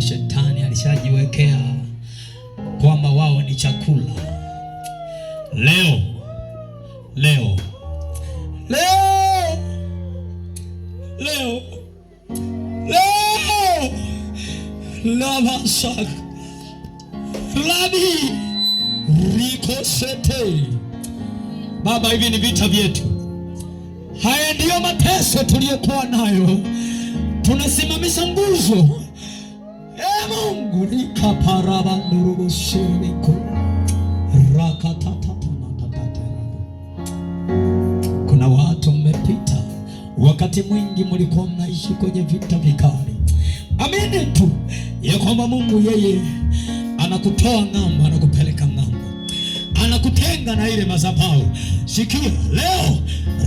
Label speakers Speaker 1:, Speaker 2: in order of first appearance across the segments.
Speaker 1: ambao shetani alishajiwekea kwamba wao ni chakula. Leo leo leo leo leo lavasak labi rikosete. Baba, hivi ni vita vyetu. Haya ndiyo mateso tuliyokuwa nayo, tunasimamisha nguzo kuna watu mmepita, wakati mwingi mlikuwa mnaishi kwenye vita vikali. Amini tu ya kwamba Mungu yeye anakutoa ng'ambo, anakupeleka ng'ambo, anakutenga na ile mazabau. Sikia leo,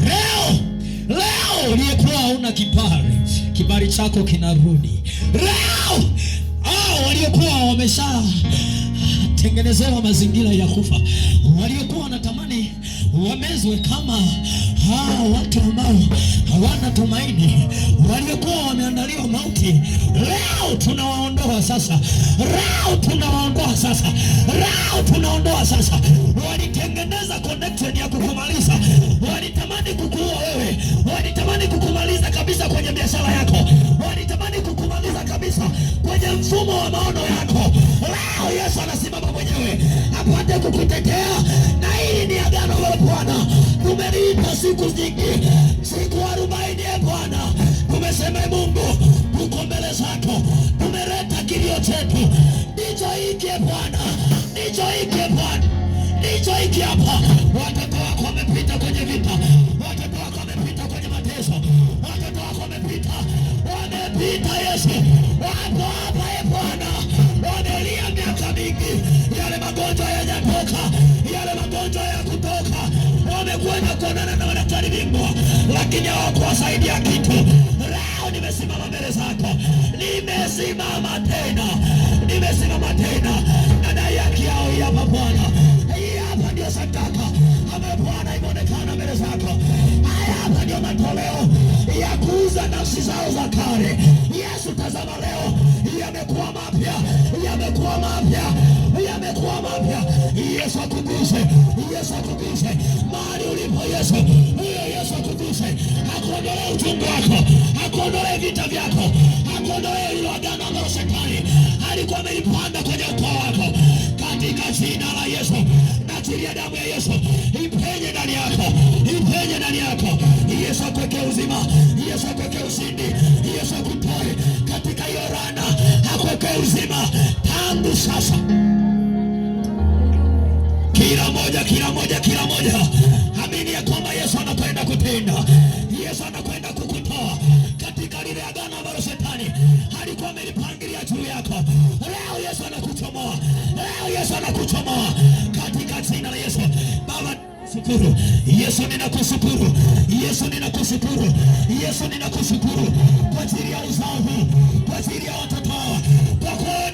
Speaker 1: leo, leo uliyekuwa hauna kibali, kibali chako kinarudi leo wameshatengenezewa mazingira ya kufa. Waliokuwa wanatamani wamezwe kama hawa watu ambao hawana tumaini, waliokuwa wameandaliwa mauti, leo tunawaondoa sasa, leo tunawaondoa sasa, leo tunaondoa sasa. Walitengeneza connection ya kukumaliza, walitamani kukuua wewe, walitamani kukumaliza kabisa kwenye biashara yako, walitamani kukumaliza kabisa kwenye mfumo wa maono kutetea, na hili ni agano la Bwana. Tumeliita siku nyingi, siku arobaini. E Bwana, tumesema e Mungu, tuko mbele zako, tumeleta kilio chetu, ndicho hiki e Bwana, ndicho hiki e Bwana, ndicho hiki hapa. Watoto wako wamepita kwenye vita, watoto wako wamepita kwenye mateso, watoto wako wamepita, wamepita Yesu, wapo hapa e Bwana, wamelia miaka mingi yale magonjwa kutoka, yale magonjwa ya kutoka. Wamekwenda kuonana na madaktari bingwa, lakini hawakuwasaidia kitu. Leo nimesimama mbele zako, nimesimama tena, nimesimama tena, nadai haki yao hapa Bwana. Hii hapa ndio sadaka ambayo Bwana imeonekana mbele zako. Haya hapa ndio matoleo ya kuuza nafsi zao za kale. Yesu, tazama leo yamekuwa mapya, yamekuwa mapya, yamekuwa mapya. Yesu atukuzwe, Yesu atukuzwe mahali ulipo Yesu, huyo Yesu atukuzwe, akuondolee uchungu wako, akuondolee vita vyako, akuondolee ile agano ambalo shetani alikuwa amelipanda kwenye ukoo wako, katika jina la Yesu nachilia damu ya Yesu ipenye ndani yako, ipenye ndani yako. Yesu akweke uzima, Yesu akweke uzima moja, kila moja, kila moja, amini ya kwamba Yesu anakwenda kutenda, Yesu anakwenda kukutoa katika lile agano ambalo shetani alikuwa amelipangilia juu yako. Leo Yesu anakuchomoa, leo Yesu anakuchomoa katika jina la Yesu. Baba Shukuru Yesu, ninakushukuru Yesu, ninakushukuru Yesu, ninakushukuru kwa ajili ya uzao huu, kwa ajili ya watoto hawa, kwa kuona